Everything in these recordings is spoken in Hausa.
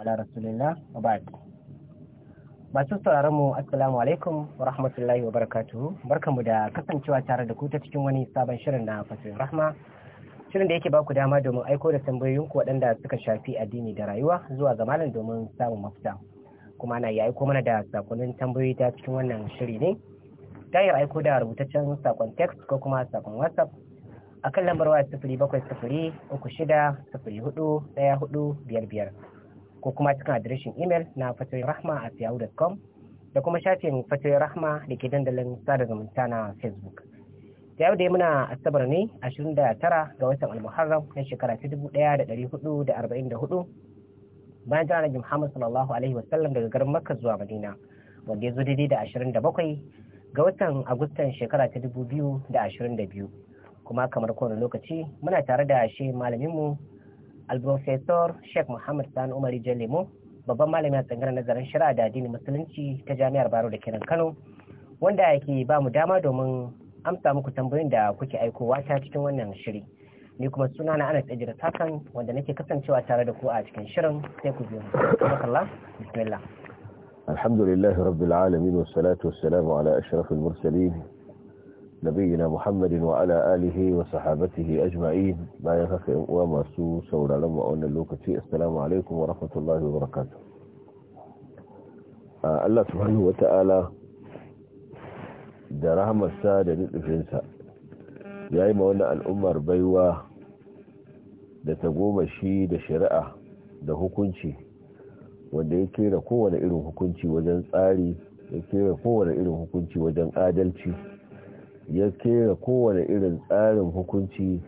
ala rasulillah wa ba'd masu sauraron mu assalamu alaikum wa rahmatullahi wa barakatuhu barkamu da kasancewa tare da ku ta cikin wani sabon shirin na fasirin rahma shirin da yake ba ku dama domin aiko da tambayoyin ku waɗanda suka shafi addini da rayuwa zuwa ga malam domin samun mafita kuma ana iya aiko mana da sakonnin tambayoyi ta cikin wannan shiri ne ta yi aiko da rubutaccen sakon text ko kuma sakon whatsapp akan lambar waya sifiri bakwai sifiri uku shida sifiri hudu ɗaya hudu biyar biyar ko kuma cikin adireshin imel na fatoyin rahma a yahoo.com da kuma shafin fatoyin rahma da ke dandalin sada zumunta na facebook da yau da muna asabar ne 29 ga watan almuharram na shekara ta 1444 bayan jira jim muhammad sallallahu alaihi wasallam daga garin makka zuwa madina wanda ya zo daidai da 27 ga watan agustan shekara ta 2022 kuma kamar kowane lokaci muna tare da shi malaminmu alprofesor sheikh muhammad sani umar jalemo babban malami a tsangarar nazarin shari'a da addinin musulunci ta jami'ar baro da kenan kano wanda yake ba mu dama domin amsa muku tambayoyin da kuke aikowa ta cikin wannan shiri ni kuma suna na ana tsajira sakan wanda nake kasancewa tare da ku a cikin shirin sai ku biyo Allah bismillah alhamdulillah rabbil alamin wassalatu wassalamu ala ashrafil mursalin na nabiyina Muhammadin wa ala alihi wa sahabatihi ajma'i bayan haka yan uwa masu sauraron mu a wannan lokaci assalamu alaikum wa rahmatullahi wa barakatuh Allah subhanahu wa ta'ala da rahmar sa da nufin sa yayi ma wannan al'ummar baiwa da ta goma shi da shari'a da hukunci wanda ya kera kowane irin hukunci wajen tsari ya kera kowane irin hukunci wajen adalci ya kera kowane irin tsarin hukunci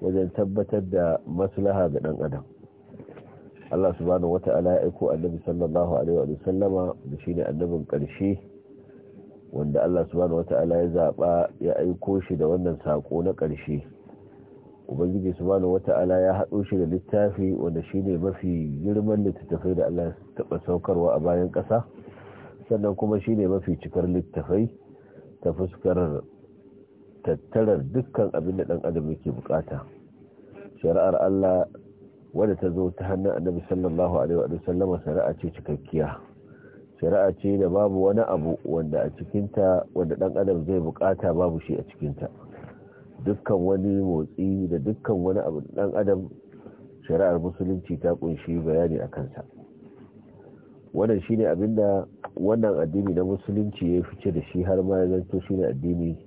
wajen tabbatar da maslaha ga ɗan adam Allah subhanahu wata'ala ya aiko annabi sallallahu alaihi wa sallama da shine annabin ƙarshe wanda Allah subhanahu wata'ala ya zaba ya aiko shi da wannan sako na ƙarshe ubangiji subhanahu wata'ala ya hado shi da littafi wanda shine mafi girman littattafai da Allah ya taɓa saukarwa a bayan ƙasa sannan kuma shine mafi cikar littafai ta fuskar tattarar dukkan abin da ɗan adam yake bukata shari'ar Allah wadda ta zo ta hannun annabi sallallahu alaihi wa sallama shari'a ce cikakkiya shari'a ce da babu wani abu wanda a cikinta wanda ɗan adam zai bukata babu shi a cikinta dukkan wani motsi da dukkan wani abu ɗan adam shari'ar musulunci ta kunshi bayani a kansa wannan shine abinda wannan addini na musulunci ya fice da shi har ma ya zanto shine addini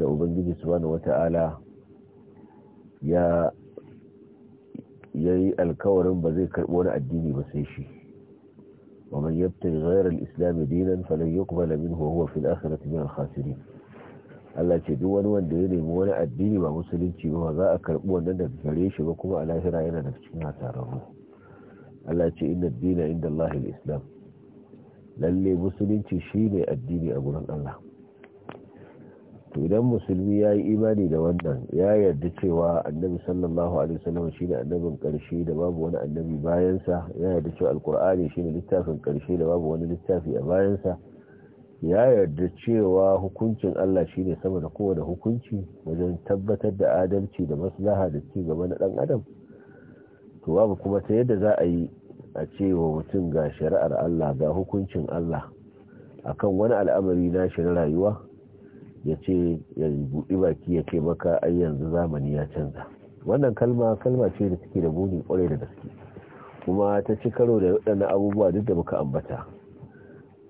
da ubangiji subhanahu wata'ala ya yayi alkawarin ba zai karbi wani addini ba sai shi ومن يبتغي غير الإسلام دينا فلن يقبل منه وهو في الآخرة من الخاسرين Allah ce duk wani wanda ya nemi wani addini ba musulunci ba za a karbi wannan daga gare shi ba kuma a lahira yana da cikin hasararru Allah ce inna dina inda Allah islam lalle musulunci shine addini a gurin Allah to idan musulmi ya yi imani da wannan ya yarda cewa annabi sallallahu alaihi wasallam ne annabin karshe da babu wani annabi bayansa ya yarda cewa alkur'ani ne littafin karshe da babu wani littafi a bayansa ya yarda cewa hukuncin Allah shine sama da kowane hukunci wajen tabbatar da adalci da maslaha da ci gaba na dan adam to babu kuma ta yadda za a yi a ce wa mutum ga shari'ar Allah ga hukuncin Allah akan wani al'amari na shi na rayuwa ya ce ya buɗi baki ya ce maka ai yanzu zamani ya canza wannan kalma kalma ce da take da buni kwarai da gaske kuma ta ci karo da waɗannan abubuwa duk da muka ambata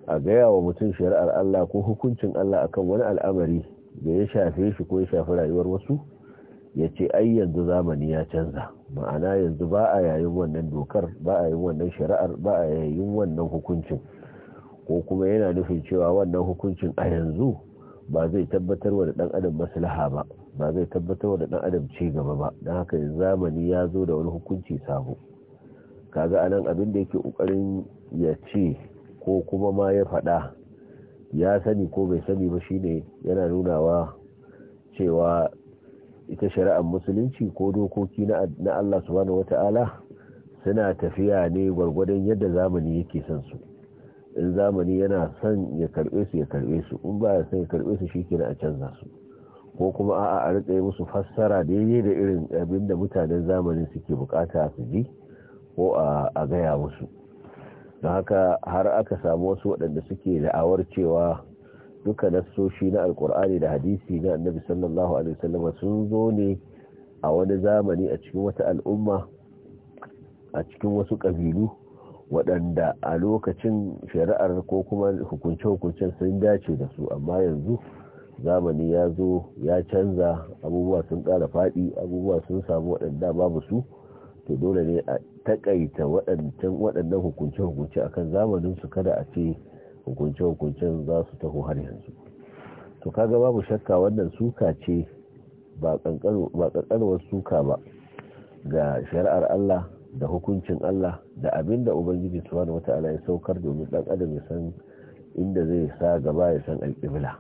a gaya wa mutum shari'ar Allah ko hukuncin Allah akan wani al'amari da ya shafe shi ko ya shafi rayuwar wasu ya ce ai yanzu zamani ya canza ma'ana yanzu ba a yayin wannan dokar ba a yin wannan shari'ar ba a yayin wannan hukuncin ko kuma yana nufin cewa wannan hukuncin a yanzu ba zai tabbatar wa da dan adam maslaha ba ba zai tabbatar wa da dan adam ci gaba ba don haka zamani ya zo da wani hukunci sabo kaga anan abin da yake kokarin ya ce ko kuma ma ya faɗa ya sani ko bai sani ba shine yana nunawa cewa ita shari'ar musulunci ko dokoki na Allah subhanahu wata'ala suna tafiya ne gwargwadon yadda zamani yake son su in zamani yana son ya karbe su ya karbe su in ba ya son ya karbe su shi a canza su ko kuma a'a a rika musu fassara daidai da irin abin da mutanen zamanin suke bukata su ji ko a gaya musu don haka har aka samu wasu waɗanda suke da'awar cewa duka nassoshi na alkur'ani da hadisi na annabi sallallahu alaihi wasallam sun zo ne a wani zamani a cikin wata al'umma a cikin wasu ƙabilu waɗanda a lokacin shari'ar ko kuma hukunce-hukuncen sun dace da su amma yanzu zamani ya zo ya canza abubuwa sun ƙara faɗi abubuwa sun samu waɗanda babu su to dole ne a takaita waɗannan hukunce-hukunce akan zamanin su kada a ce hukunce hukunce za su taho har yanzu to kaga babu shakka wannan suka ce ba ƙanƙanwar suka ba ga shari'ar Allah da hukuncin Allah da abin da Ubangiji subhanahu ta'ala ya saukar domin dan adam ya san inda zai sa gaba ya san alƙibla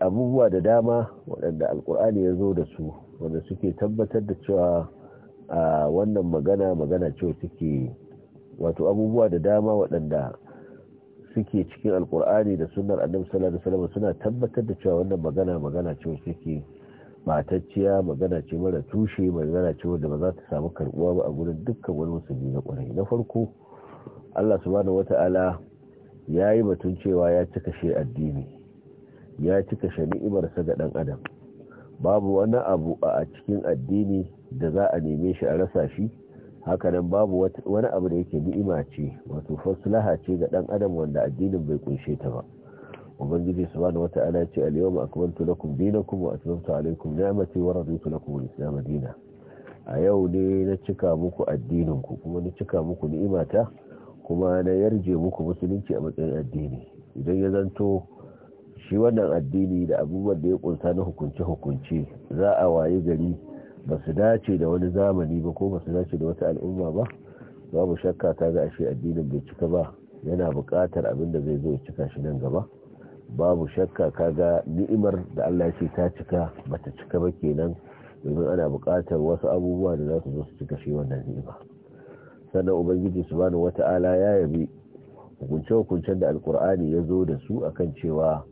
abubuwa da dama waɗanda alƙur'ani ya zo da su wanda suke tabbatar da cewa wannan magana magana ce suke wato abubuwa da dama waɗanda suke cikin alƙur'ani da sunnar annabi sallallahu alaihi wasallam suna tabbatar da cewa wannan magana magana ce suke matacciya magana ce mara tushe magana ce wanda ba za ta samu karbuwa ba a gurin dukkan wani musulmi na kwarai na farko Allah subhanahu wata'ala ya yi batun cewa ya cika shi addini ya cika shi ni'imarsa ga ɗan adam babu wani abu a cikin addini da za a neme shi a rasa shi hakanan babu wani abu da yake ni'ima ce wato faslaha ce ga ɗan adam wanda addinin bai kunshe ta ba ubangiji subhanahu wata ya ce al-yawma akmaltu lakum dinakum wa atmamtu alaykum ni'mati wa raditu lakum al-islam dinan a yau ne na cika muku addinin ku kuma na cika muku ni'imata kuma na yarje muku musulunci a matsayin addini idan ya zanto shi wannan addini da abubuwan da ya kunsa na hukunce-hukunce za a waye gari ba su dace da wani zamani ba ko ba su dace da wata al'umma ba babu shakka ta ga ashe addinin bai cika ba yana buƙatar abin da zai zo ya cika shi nan gaba babu shakka kaga ni'imar da Allah ce ta cika bata cika ba kenan domin ana buƙatar wasu abubuwa da za su zo su cika shi wannan ni'ima sannan ubangiji subhanahu wata'ala ya yabi hukunce-hukuncen da alkur'ani ya zo da su akan cewa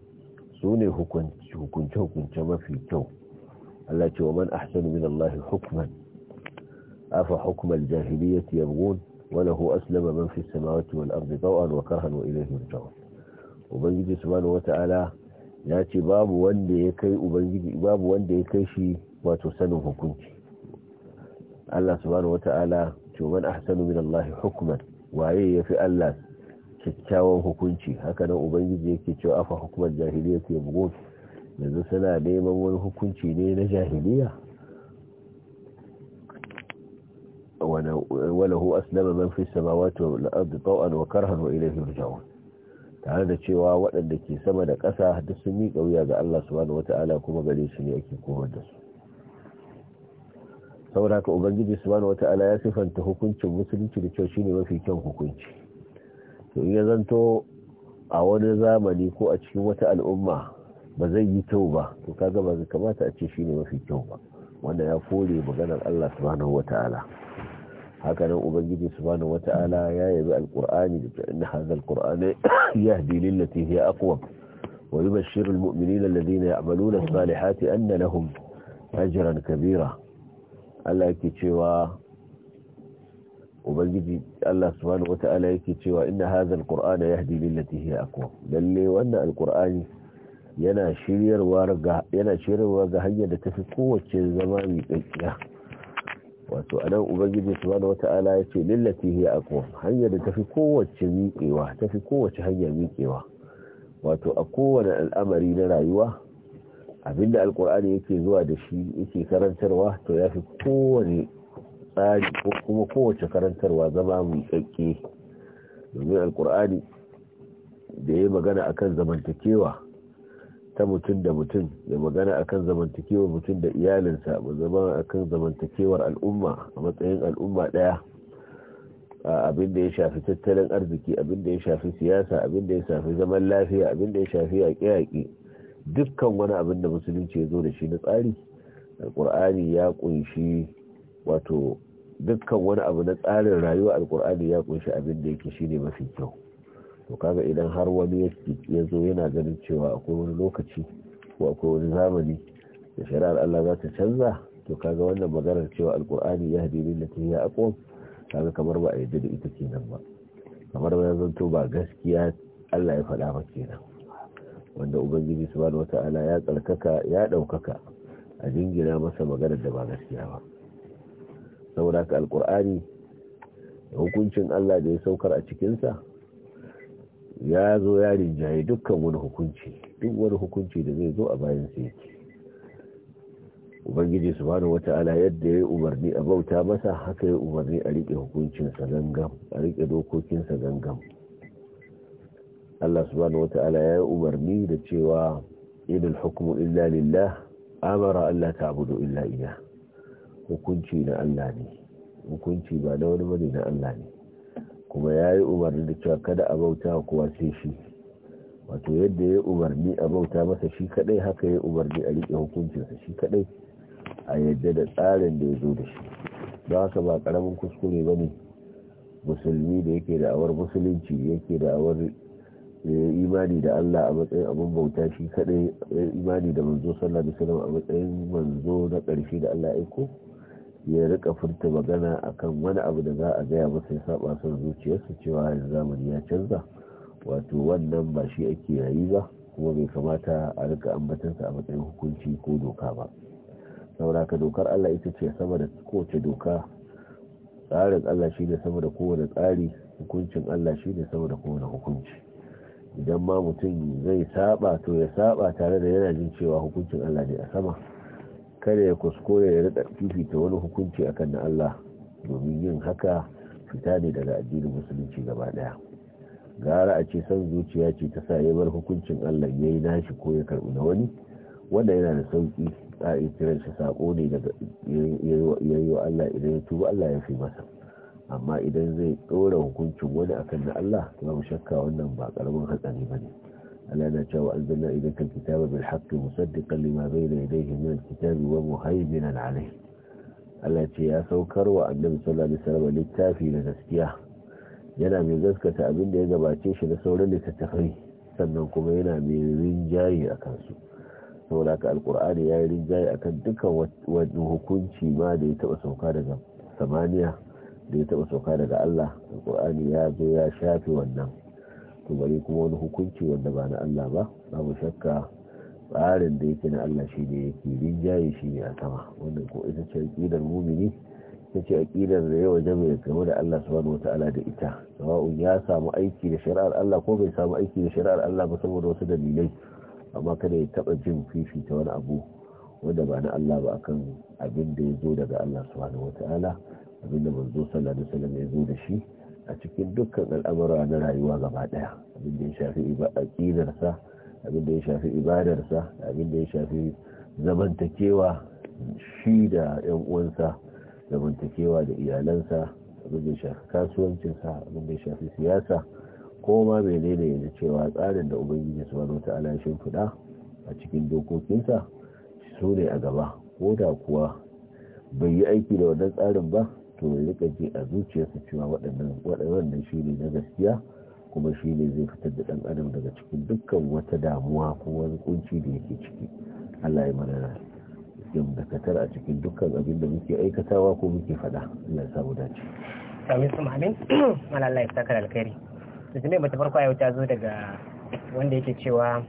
su ne hukunce-hukunce mafi kyau Allah ce wa man ahsanu min Allah hukman afa hukmal jahiliyyati yabghun wa lahu aslama man fi samawati wal ardi taw'an wa karhan wa ilayhi yurja'un ubangiji subhanahu wata'ala ya ce babu wanda ya kai ubangiji babu wanda ya kai shi wato sanin hukunci Allah subhanahu wata'ala to man ahsanu min Allah hukman waye yafi Allah kyakkyawan hukunci haka nan ubangiji yake cewa afa hukumar jahiliya ke bugun yanzu suna neman wani hukunci ne na jahiliya وله أسلم wato في السماوات wa طوعا وكرها وإليه يرجعون tare da cewa waɗanda ke sama da ƙasa duk sun miƙa wuya ga Allah subhanahu wata'ala kuma gare su ne ake kowar da su saboda haka ubangiji subhanahu wata'ala ya sifanta hukuncin musulunci da kyau shine mafi kyan hukunci to in ya zanto a wani zamani ko a cikin wata al'umma ba zai yi kyau ba to kaga ba zai kamata a ce shine mafi kyau ba wanda ya kore maganar Allah subhanahu wata'ala hakanan nan ubangiji subhanahu wata'ala ya yabi alqur'ani da inna hadha alqur'ana yahdi lil lati hiya aqwam wa yubashshiru almu'minina alladhina ya'maluna as-salihati anna lahum ajran kabira Allah yake cewa ubangiji Allah subhanahu wata'ala yake cewa inna hadha alqur'ana yahdi lil lati hiya aqwam lalle wannan alqur'ani yana shiryarwa ga yana shiryarwa ga hanyar da tafi kowace zama mai tsakiya wato a nan ubangiji subhanahu wata'ala yace lillati a aqwa hanyar da tafi kowace miƙewa tafi kowace hanyar miƙewa wato a kowane al'amari na rayuwa abinda alkur'ani yake zuwa da shi yake karantarwa to ya fi kowane tsari ko kuma kowace karantarwa zama mai tsakke domin alkur'ani da ya magana akan zamantakewa ta mutum da mutum ya magana akan zamantakewar mutum da iyalinsa ba zama akan zamantakewar al'umma a matsayin al'umma ɗaya abin da ya shafi tattalin arziki abin da ya shafi siyasa abin da ya shafi zaman lafiya abin da ya shafi yaƙe-yaƙe dukkan wani abin da musulunci ya zo da shi na tsari alƙur'ani ya ƙunshi wato dukkan wani abu na tsarin rayuwa alƙur'ani ya ƙunshi abin da yake shine mafi kyau to kaga idan har wani ya zo yana ganin cewa akwai wani lokaci ko akwai wani zamani da shari'ar Allah za ta canza to kaga wannan maganar cewa alkur'ani ya hadi ta ya aƙo kaga kamar ba a yadda da ita kenan ba kamar ba zanto ba gaskiya Allah ya faɗa ba kenan wanda ubangiji subhanahu wata'ala ya tsarkaka ya ɗaukaka a jingina masa maganar da ba gaskiya ba saboda ka alkur'ani hukuncin Allah da ya saukar a cikinsa ya zo ya rinjaye dukkan wani hukunci duk wani hukunci da zai zo a bayan sa yake ubangiji su bani wata ala yadda ya yi umarni a bauta masa haka ya umarni a riƙe hukuncinsa gangam a rike dokokinsa gangam Allah subhanahu ta'ala ya yi umarni da cewa idul hukumu illa lillah amara Allah ta abudu illa iya hukunci na Allah ne hukunci ba na wani bane na Allah ne kuma ya yi umarni da cewa kada a bauta kuwa sai shi wato yadda ya yi umarni a bauta masa shi kadai haka ya yi umarni a riƙe hukuncinsa shi kadai a yadda da tsarin da ya zo da shi don haka ba ƙaramin kuskure ba ne musulmi da yake da awar musulunci yake da awar imani da Allah a matsayin abin bauta shi kadai imani da manzo sallallahu alaihi wasallam a matsayin manzo na ƙarshe da Allah ya aiko ya rika furta magana a kan wani abu da za a gaya masa ya saba son zuciyarsa cewa yanzu zamani ya canza wato wannan ba shi ake yayi ba kuma bai kamata a rika ambatansa a matsayin hukunci ko doka ba ka dokar Allah ita ce sama da kowace doka tsarin Allah shi ne sama da kowane tsari hukuncin Allah shi ne sama da kowane hukunci idan ma mutum zai saba to ya saba tare da yana jin cewa hukuncin Allah ne a sama kada ya kuskure ya rada ta wani hukunci akan na Allah domin yin haka fita ne daga addinin musulunci gaba daya gara a ce san zuciya ce ta sa bar hukuncin Allah ya yi nashi ko ya karɓi na wani wanda yana da sauƙi a kiran shi sako ne daga ya yi wa Allah idan ya tuba Allah ya fi masa amma idan zai ɗora hukuncin wani akan na Allah babu shakka wannan ba ƙaramin hatsari ba ne ألا نشاء وأنزلنا إليك الكتاب بالحق مصدقا لما بين يديه من الكتاب ومهيمنا عليه التي يا سوكر وأنم صلى الله عليه وسلم للتافي gaskiya yana mai gaskata abin da ya gabace shi na sauran littattafai sannan kuma yana mai rinjaye a kansu saboda ka alkur'ani ya yi rinjaye a kan dukkan wani hukunci ma da ya taba sauka daga samaniya da ya taba sauka daga allah alkur'ani ya zo ya shafe wannan to bare kuma wani hukunci wanda ba na Allah ba babu shakka tsarin da yake na Allah shi ne yake rinjaye shi ne a sama wanda ko ita ce aqidar mumini ita ce aqidar da yawa jami'a game da Allah subhanahu wata'ala da ita sawa'u ya samu aiki da shari'ar Allah ko bai samu aiki da shari'ar Allah ba saboda wasu dalilai amma kada ya taba jin fifita wani abu wanda ba na Allah ba akan abin da ya zo daga Allah subhanahu wata'ala abin da manzo sallallahu alaihi wasallam ya zo da shi a cikin dukkan al'amura na rayuwa gaba daya abin da ya shafi aqidarsa abin da ya shafi ibadarsa abin da ya shafi zamantakewa shi da yan uwansa zamantakewa da iyalansa abin da ya shafi kasuwancinsa abin da ya shafi siyasa ko ma da yanzu cewa tsarin da ubangiji ta ala ya fuda a cikin dokokinsa su ne a gaba ko da kuwa bai yi aiki da wannan tsarin ba to ya rika ji a zuciyarsa cewa waɗannan shi ne na gaskiya kuma shi ne zai fitar da ɗan adam daga cikin dukkan wata damuwa ko wani kunci da yake ciki Allah ya mana yin dakatar a cikin dukkan abin da muke aikatawa ko muke faɗa Allah ya samu dace Amin su Mahamin Allah ya saka alkhairi da tambayar mata farko yau ta zo daga wanda yake cewa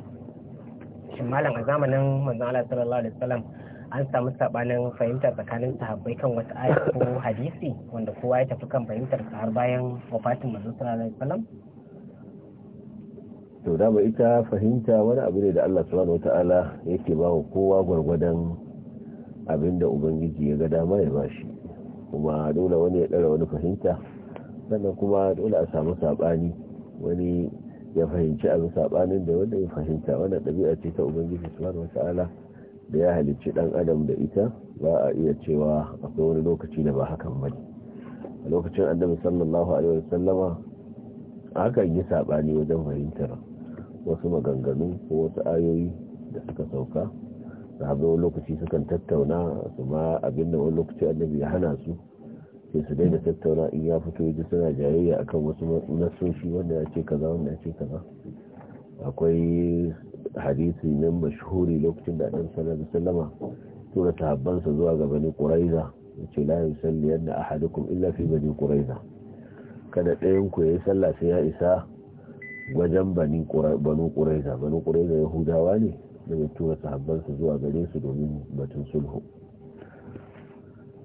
shin malam a zamanin manzon Allah sallallahu alaihi wasallam an samu sabanin fahimtar tsakanin sahabbai kan wata aya ko hadisi wanda kowa ya tafi kan fahimtar sa har bayan wafatin manzon sallallahu alaihi wasallam to dama ita fahimta wani abu ne da Allah subhanahu wataala yake ba wa kowa gwargwadon abinda ubangiji ya ga dama ya bashi kuma dole wani ya dara wani fahimta sannan kuma dole a samu sabani wani ya fahimci abin sabanin da wanda ya fahimta wannan ɗabi'a ce ta ubangiji subhanahu wataala da ya halicci dan adam da ita ba a iya cewa akwai wani lokaci da ba hakan bane a lokacin annabi sallallahu alaihi wasallama hakan yi sabani wajen fahimtar wasu maganganu ko wasu ayoyi da suka sauka sahabbai wani lokaci sukan tattauna su ma abinda wani lokaci annabi ya hana su sai su daina tattauna in ya fito yaji suna jayayya akan wasu nasoshi wanda ya ce kaza wanda ya ce kaza akwai hadisi na mashhuri lokacin da ɗan sallallahu alaihi wasallama tura sahabbansa zuwa ga bani quraiza yace la yusalli yadda ahadukum illa fi bani quraiza kada ɗayan ku yayi sallah sai ya isa wajen bani bani quraiza bani quraiza yahudawa ne da ya tura sahabbansa zuwa gare su domin batun sulhu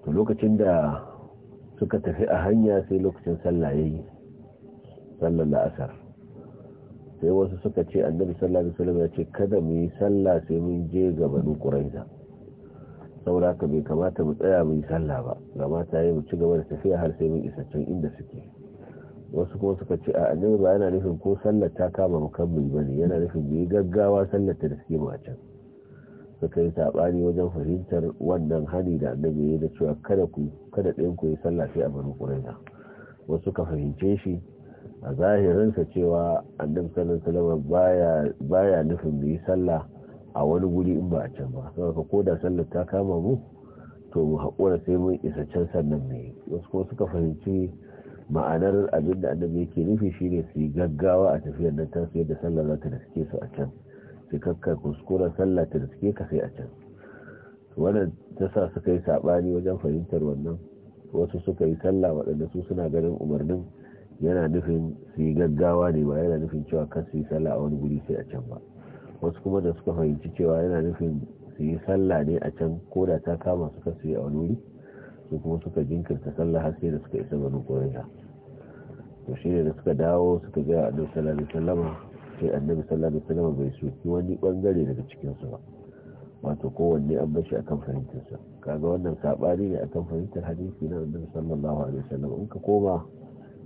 to lokacin da suka tafi a hanya sai lokacin sallah yayi sallar la'asar sai wasu suka ce annabi sallallahu alaihi wasallam ya ce kada mu yi sallah sai mun je ga banu quraiza saboda ka bai kamata mu tsaya mu yi sallah ba gama ta yi mu ci gaba da tafiya har sai mun isa can inda suke wasu kuma suka ce a annabi ba yana nufin ko sallar ta kama mukammil ba ne yana nufin bai gaggawa sallar ta da suke mu a can suka yi saɓani wajen fahimtar wannan hani da annabi ya da cewa kada ku kada ɗayan ku yi sallah sai a banu quraiza wasu ka fahimce shi a zahirinsa cewa annabi sallallahu alaihi wasallam baya nufin mu yi sallah a wani guri in ba a can ba saboda ko da sallar ta kama mu to mu haƙura sai mun isa can sannan mu yi wasu ko suka fahimci ma'anar abin da annabi yake nufi shine su yi gaggawa a tafiyar nan ta da sallar za ta riske su a can sai kakkar kuskura sallah ta riske ka sai a can wannan ta sa suka yi saɓani wajen fahimtar wannan wasu suka yi sallah waɗanda su suna ganin umarnin yana nufin su yi gaggawa ne ba yana nufin cewa kan su yi sallah a wani guri sai a can ba wasu kuma da suka fahimci cewa yana nufin su yi sallah ne a can ko da ta kama su kan su yi a wani wuri su kuma suka jinkirta sallah har sai da suka isa banu koyarwa to shi ne da suka dawo suka ga annabi sallallahu alaihi wasallam sai annabi sallallahu alaihi wasallam bai soki wani bangare daga cikin su ba wato kowanne an bashi akan fahimtarsa kaga wannan sabani ne akan fahimtar hadisi na annabi sallallahu alaihi wasallam in ka koma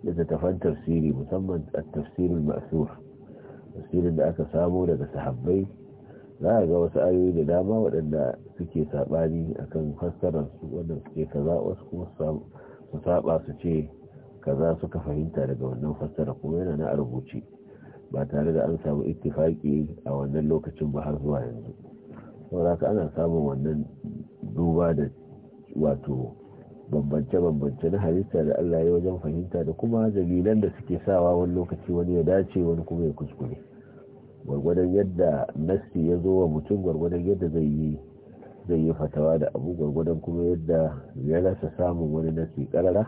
littattafan tafsiri musamman a tafsirin masu tafsirin da aka samo daga sahabbai za a ga wasu ayoyi da dama waɗanda suke saɓani a kan su wannan suke kaza wasu kuma su saɓa su ce kaza suka fahimta daga wannan fassara kuma yana na a rubuce ba tare da an samu ittifaki a wannan lokacin ba har zuwa yanzu saboda ana samun wannan duba da wato bambance-bambance na halitta da Allah ya wajen fahimta da kuma dalilan da suke sawa wani lokaci wani ya dace wani kuma ya kuskure gwargwadon yadda nasti ya zo wa mutum gwargwadon yadda zai yi zai yi fatawa da abu gwargwadon kuma yadda ya rasa samun wani nasti karara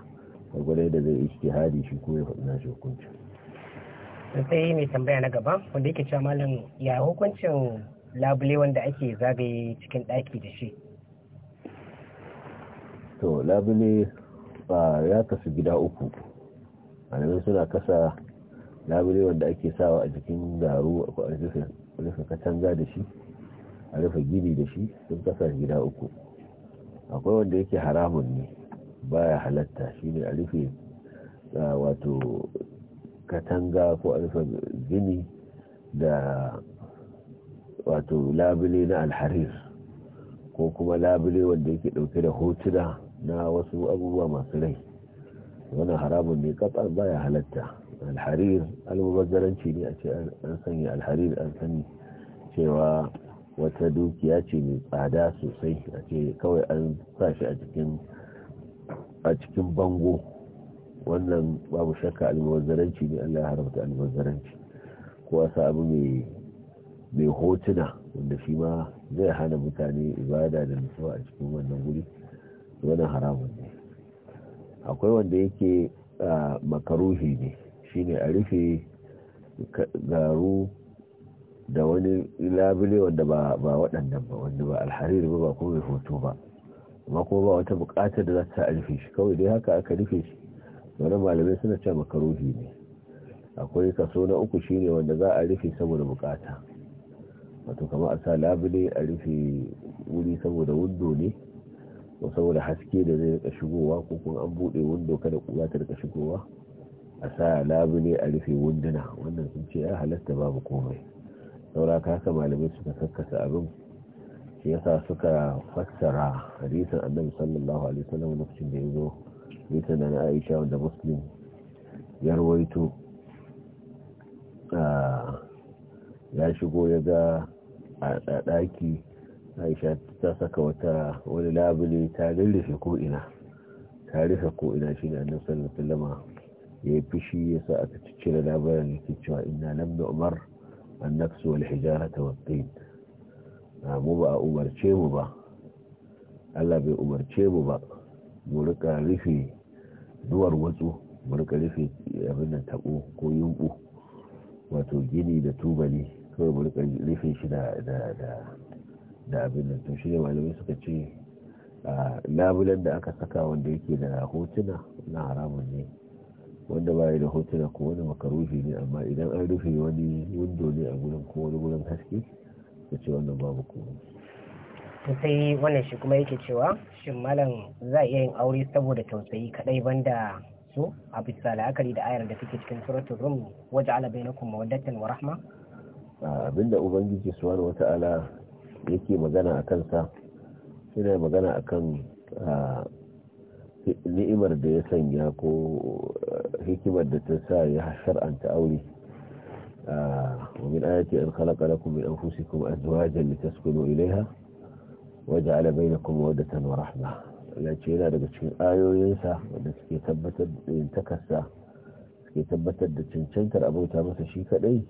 gwargwadon yadda zai yi shi kuma ya faɗi nashi hukuncin sai mai tambaya na gaba wanda yake cewa malam ya hukuncin labule wanda ake zagaye cikin ɗaki da shi to labule ba ya kasu gida uku malamai suna kasa labule wanda ake sawa a jikin garu a rufe katanga da shi a rufe gini da shi sun kasa gida uku akwai wanda yake haramun ne baya halatta shi ne a rufe wato katanga ko a rufe gini da wato labule na alharis ko kuma labule wanda yake dauke da hotuna na wasu abubuwa masu rai wannan haramun ne katsan baya halatta alharir almubazzaranci ne a ce an sanya alharir an sani cewa wata dukiya ce mai tsada sosai a ce kawai an sa shi a cikin bango wannan babu shakka almubazzaranci ne allah ya haramta almubazzaranci ko a sa abu mai hotuna wanda shi ma zai hana mutane ibada da nutsuwa a cikin wannan guri wani haramun ne akwai wanda yake a makaruhi ne shine a rufe garu da wani labule wanda ba waɗannan ba wanda ba alhariri ba ba kuma mai hoto ba amma kuma ba wata buƙatar da za ta a rufe shi kawai dai haka aka rufe shi wani malamai suna ce makaruhi ne akwai kaso na uku shi ne wanda za a rufe saboda buƙata wato kama a sa labule a rufe wuri saboda wundo ne ko saboda haske da zai rika shigowa ko kuma an buɗe windo kada za ta rika shigowa a sa labule a rufe wunduna wannan sun ce ya halasta babu komai saura haka malamai suka sakkasa abin shi yasa suka fassara hadisin annabi sallallahu alaihi wasallam lokacin da ya zo hadisin da na Aisha wanda Muslim ya rawaito ah, ya shigo ya ga a ɗaki aisha ta saka wata wani labule ta lullufe ko ina ta rufe ko ina shi ne annabi sallallahu alaihi ya ya fishi ya sa aka ciccire labarin da ke cewa inna lam umar an nafsu wal hijara wat tin mu ba a umarce mu ba Allah bai umarce mu ba mu rika rufe duwar watsu mu rika rufe abin da tabo ko yunku wato gini da tubali kawai mu rika rufe shi da da da abin da to shi ne malamai suka ce labulen da aka saka wanda yake da hotuna na haramun ne wanda ba da hotuna ko wani makaruhi ne amma idan an rufe wani windo ne a gurin ko wani gurin haske ta ce wannan babu kuma ta sai wannan shi kuma yake cewa shin malam za a iya yin aure saboda tausayi kadai banda su a bisa la'akari da ayar da take cikin suratul rum waje ala bainakum mawaddatan wa rahma abinda ubangiji wata ala. yake magana a kansa yana magana a kan ni'imar da ya sanya ko hikimar da ta sa ya shar'anta aure ومن آياته أن خلق لكم من أنفسكم أزواجا لتسكنوا إليها وجعل بينكم مودة rahma yace yana daga cikin ayoyinsa wanda suke tabbatar da intakarsa suke tabbatar da cancantar abota masa shi kadai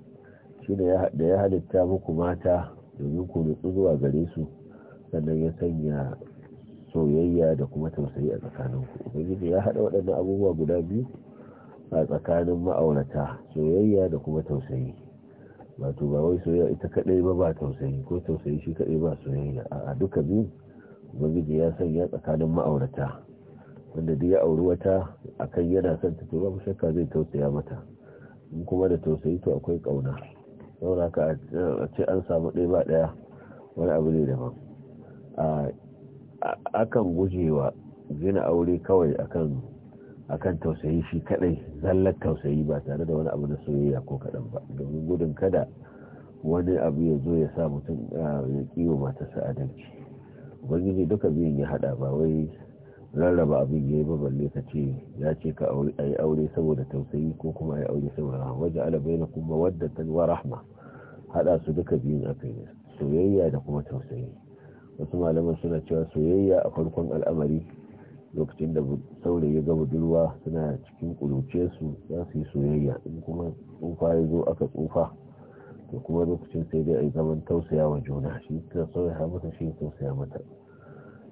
shi da ya halitta muku mata domin ku nutsu zuwa gare su sannan ya sanya soyayya da kuma tausayi a tsakaninku ubangiji ya haɗa waɗannan abubuwa guda biyu a tsakanin ma'aurata soyayya da kuma tausayi wato ba wai soyayya ita kaɗai ba ba tausayi ko tausayi shi kaɗai ba soyayya a duka biyu ubangiji ya sanya tsakanin ma'aurata wanda duk ya auri wata akan yana son ta to babu shakka zai tausaya mata in kuma da tausayi to akwai ƙauna saura ka a ce an samu ɗaya ba ɗaya wani abu ne daban akan gujewa gina aure kawai akan akan tausayi shi kadai zallar tausayi ba tare da wani abu na soyayya ko kadan ba domin gudun kada wani abu ya zo ya sa mutum ya kiwo matarsa adalci ubangiji duka biyun ya hada ba wai rarraba abin ya yi ba balle ka ce ya ce ka a yi aure saboda tausayi ko kuma a yi aure saboda rahama wajen alabai na kuma wadda ta wa rahama haɗa su duka biyun aka yi soyayya da kuma tausayi wasu malaman suna cewa soyayya a farkon al'amari lokacin da saurayi ya ga budurwa suna cikin kuruce su za su yi soyayya in kuma tsufa ya zo aka tsufa to kuma lokacin sai dai a yi zaman tausaya wa juna shi ta sauraya mata shi tausaya mata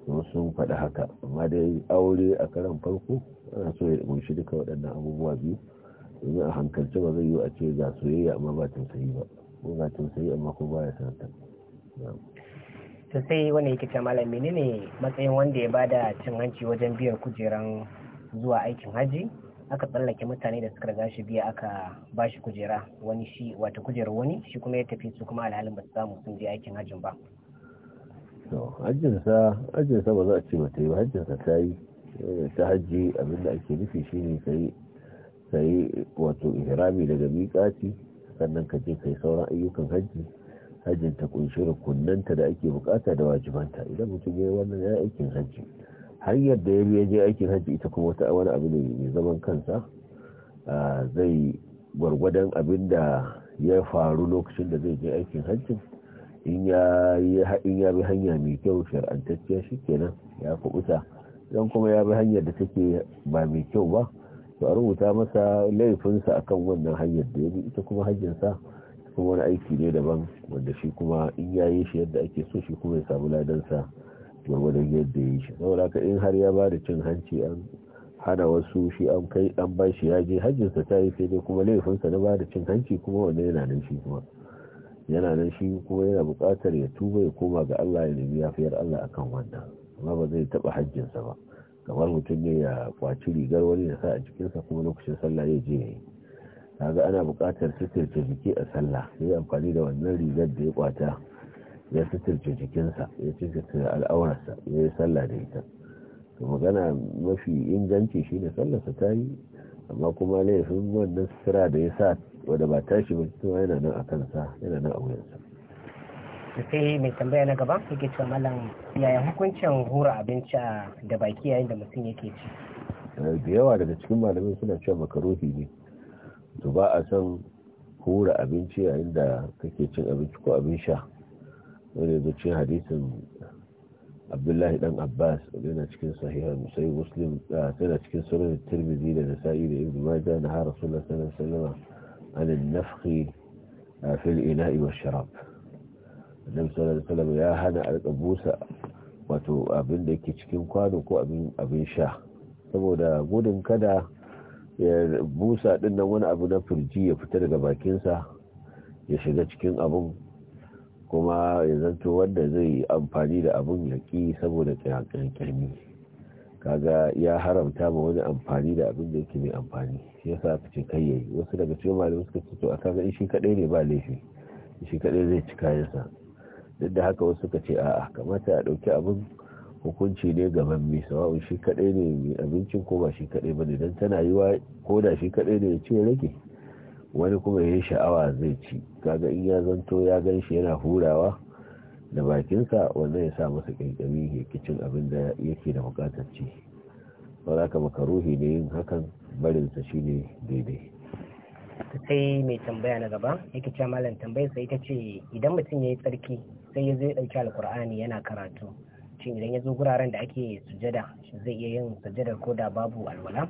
kuma sun faɗi haka amma dai aure a karan farko ana so ya kunshi duka waɗannan abubuwa biyu domin a hankalce ba zai yi a ce ga soyayya amma ba tausayi ba ko ga tausayi amma ko ba ya sanata to sai wani yake ce malam menene matsayin wanda ya bada cin hanci wajen biyan kujeran zuwa aikin haji aka tsallake mutane da suka riga shi biya aka ba shi kujera wani shi wata kujerar wani shi kuma ya tafi su kuma alhalin ba su samu sun je aikin hajjin ba hajjinsa ba za a ce ba ta yi ba hajjinsa ta yi eh, ta hajji abinda ake nufi shi ne ka yi wato ihrami daga miƙati sannan ka je ka yi sauran ayyukan hajji hajjinta ta kunshi rukunanta da ake bukata da wajibanta idan mutum ya yi wannan ya aikin hajji hanyar da ya biya je aikin hajji ita kuma wata wani abu ne mai zaman kansa ah, zai gwargwadon abin da ya faru lokacin da zai je aikin hajjin in ya bi hanya mai kyau shar'antacciya shi kenan ya kubuta don kuma ya bi hanyar da take ba mai kyau ba to a rubuta masa laifinsa akan wannan hanyar da ya bi ita kuma hanyarsa kuma wani aiki ne daban wanda shi kuma in ya yi shi yadda ake so shi kuma ya samu ladansa gwargwadon yadda ya yi shi saboda haka in har ya ba da cin hanci an hana wasu shi an kai an ba shi ya je hajjinsa ta yi sai dai kuma laifinsa na ba da cin hanci kuma wanda yana nan shi kuma yana nan shi kuma yana buƙatar ya tuba ya koma ga Allah ya nemi yafiyar Allah akan wannan amma ba zai taɓa hajjinsa ba kamar mutum ne ya kwaci rigar wani ya sa a cikinsa kuma lokacin sallah ya je ya yi kaga ana buƙatar sitirce jiki a sallah ya yi amfani da wannan rigar da ya kwata ya sitirce jikinsa ya da al'aurarsa ya yi sallah da ita to magana mafi inganci shine sallarsa ta yi amma kuma laifin wannan sira da ya sa wanda ba tashi ba to yana nan a kansa yana nan a wuyansa sai mai tambaya na gaba yake cewa malam yaya hukuncin hura abinci da baki yayin da mutum yake ci da yawa daga cikin malamai suna cewa makarofi ne to ba a san hura abinci yayin da kake cin abinci ko abin sha wanda zo cin hadisin abdullahi dan abbas yana cikin sahiha musayi muslim tana cikin sunan tirmidhi da nasa'i da ibn majah na har rasulullah sallallahu alaihi wasallam عن النفخ في الإناء والشراب annabi sallallahu alaihi wasallam ya hana a busa wato abin da yake cikin kwano ko abin sha saboda gudun kada ya busa din nan wani abu na firji ya fita daga bakinsa ya shiga cikin abun kuma ya zanto wanda zai amfani da abun ya saboda kirkirmi kaga ya haramta ma wani amfani da abin da yake mai amfani shi yasa ka ce kai yayi wasu daga cikin malamai suka ce to a kaga shi kadai ne ba laifi shi kadai zai ci kayansa duk da haka wasu suka ce a'a kamata a dauki abin hukunci ne gaban mai sawa'un shi kadai ne mai abincin ko ba shi kadai ba ne dan tana yiwa ko da shi kadai ne ya ce rage wani kuma ya yi sha'awa zai ci kaga in ya zanto ya gan shi yana hurawa da bakinsa wannan ya sa masa ƙirƙiri ya kicin abin da yake da buƙatar ci makarohi maka ruhi ne yin hakan barinsa shi ne daidai sai mai tambaya na gaba yake ce malam tambayar sai ita ce idan mutum ya yi tsarki sai ya zai ɗauki alkur'ani yana karatu shin idan ya zo guraren da ake sujada zai iya yin sujada ko da babu alwala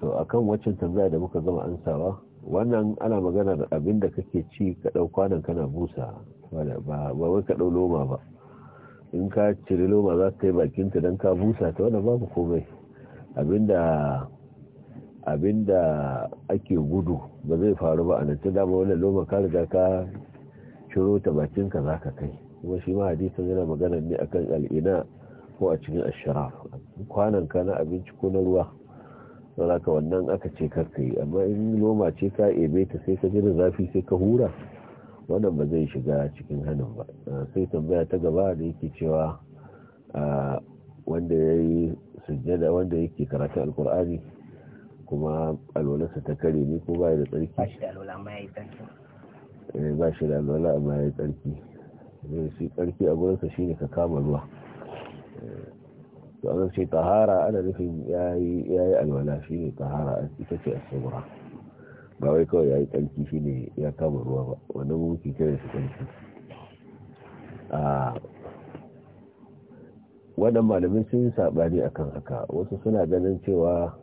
to akan waccan tambaya da muka gama ansawa wannan ana magana da abin da kake ci ka ɗau kwanan kana busa ba wai ka loma ba in ka cire loma za ka yi bakinta don ka busa ta wadda babu komai abinda abinda ake gudu ba zai faru ba a nan ta dama loma ka riga ka ciro ta bakinka za ka kai kuma shi ma hadisin yana magana ne akan al'ina ko a cikin ashiraf kwanan ka na abinci ko na ruwa ka wannan aka ce karka yi amma in loma ce ka ebe ta sai ka ji zafi sai ka hura wannan ba zai shiga cikin hannun ba ah, sai tambaya ta gaba da yake cewa ah, wanda ya yi sujjada wanda yake karatu alkur'ani kuma alwalarsa ta kare ni ko ba da tsarki ba shi da alwala amma ya yi tsarki eh, ba shi da alwala ya yi tsarki zai shi tsarki a gurinsa shi ne ka kama ruwa eh, to an ce tahara ana nufin ya yi alwala shi ne tahara ita ce asubura ba wai kawai ya yi tsarki shi ne ya kama ruwa ba wannan muke kira shi a wannan malamin sun yi saɓani akan haka wasu suna ganin cewa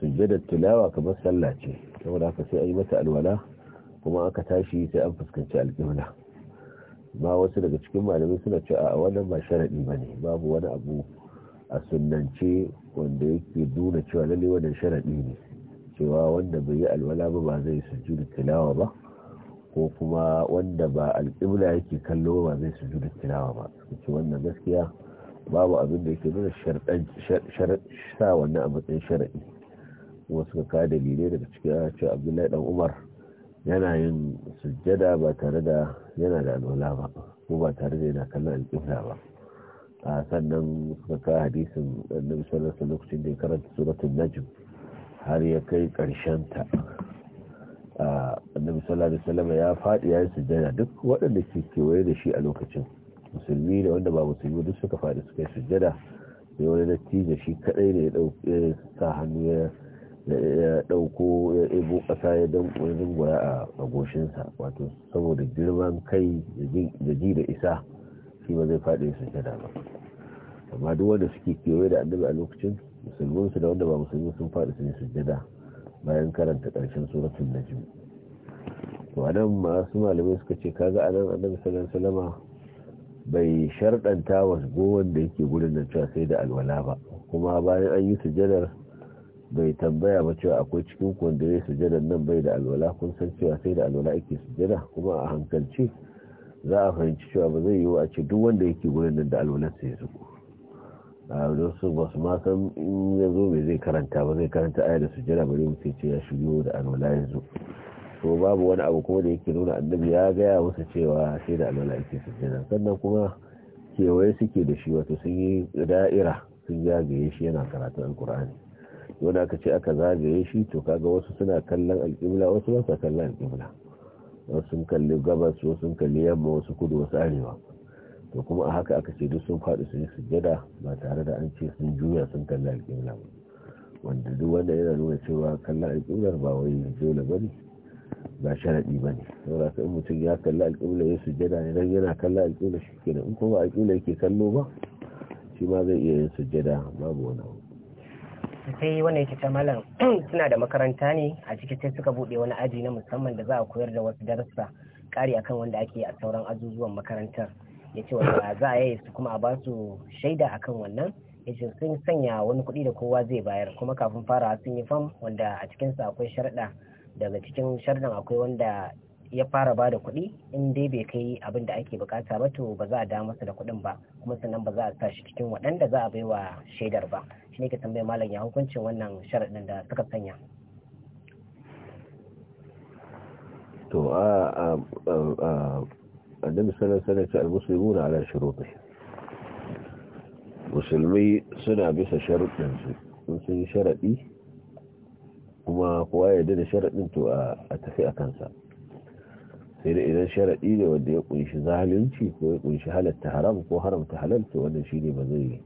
su je da tilawa kamar sallah ce saboda haka sai an yi masa alwala kuma aka tashi sai an fuskanci alƙimla ba wasu daga cikin malamin suna ce a wannan ba sharaɗi ba ne babu wani abu a sunance wanda yake nuna cewa lalle wannan sharaɗi ne cewa wanda bai yi alwala ba ba zai sujudu tilawa ba ko kuma wanda ba alƙibla yake kallo ba zai sujudu tilawa ba suka ce wannan gaskiya babu abin da yake nuna sa wannan a matsayin sharaɗi wasu suka dalilai daga cikin cewa abdullahi dan umar yana yin sujjada ba tare da yana da alwala ba ko ba tare da yana kallon alƙibla ba a sannan suka kawo hadisin annabi sallallahu alaihi lokacin da ya karanta suratul najm har ya kai karshen ta annabi sallallahu alaihi wasallam ya faɗi ya yi sujjada duk waɗanda ke kewaye da shi a lokacin musulmi da wanda ba musulmi duk suka faɗi suka yi sujjada sai wani dattijo shi kadai ne ya sa hannu ya dauko ya ebo kasa ya wani dungura a goshinsa wato saboda girman kai da ji da isa shi ba zai faɗi su ba amma duk wanda suke kewaye da annabi a lokacin musulminsu da wanda ba musulmi sun faɗi sun yi sujjada bayan karanta ƙarshen na najm to a nan masu malamai suka ce kaga anan annabi sallallahu salama salama bai sharɗanta wa gowan da yake gurin nan cewa sai da alwala ba kuma bayan an yi sujjadar bai tambaya ba cewa akwai cikin ku wanda sujjadar nan bai da alwala kun san cewa sai da alwala ake sujjada kuma a hankalci za a fahimci cewa ba zai yiwu a ce duk wanda yake gurin nan da alwalar sai ya zuku don su ba su bai in ya zo mai zai karanta ba zai karanta aya da su jira bari mu ce ya shigo da alwala yanzu to babu wani abu kuma da yake nuna annabi ya gaya musu cewa sai da alwala yake jira sannan kuma kewaye suke da shi wato sun yi da'ira sun zagaye shi yana karatu alkur'ani wanda aka ce aka zagaye shi to kaga wasu suna kallon alƙibla wasu ba kallon alƙibla wasu sun kalli gabas wasu sun kalli yamma wasu kudu wasu arewa to kuma a haka aka ce duk sun faɗi sun yi sujjada ba tare da an ce sun juya sun kalla alƙibla ba wanda duk wanda yana nuna cewa kalla alƙiblar ba wai dole ba ne ba sharaɗi ba ne saboda sai mutum ya kalla alƙimla ya sujjada ne yana kalla alƙimla shi ke in kuma alƙimla yake kallo ba shi ma zai iya yin sujjada babu wani abu sai wanda yake ta malam suna da makaranta ne a ciki sai suka buɗe wani aji na musamman da za a koyar da wasu darussa ƙari akan wanda ake a sauran azuzuwan makarantar ya ce wanda za a yi su kuma a ba su shaida akan wannan ya ce sun sanya wani kuɗi da kowa zai bayar kuma kafin fara sun yi fam wanda a cikinsa akwai sharɗa daga cikin sharɗan akwai wanda ya fara ba da kuɗi in dai bai kai abin da ake bukata ba to ba za a dama masa da kuɗin ba kuma sannan ba za a sa shi cikin waɗanda za a bai wa shaidar ba shi ne ke tambayar malam ya hukuncin wannan sharaɗin da suka sanya to a annabi sallallahu alaihi wasallam al-muslimuna ala shuruti musulmai suna bisa sharuɗin su sun yi sharaɗi kuma kowa ya da sharaɗin to a tafi a kansa sai da idan sharaɗi ne wanda ya kunshi zalunci ko ya kunshi halatta haram ko haramta halal to wannan shine ba zai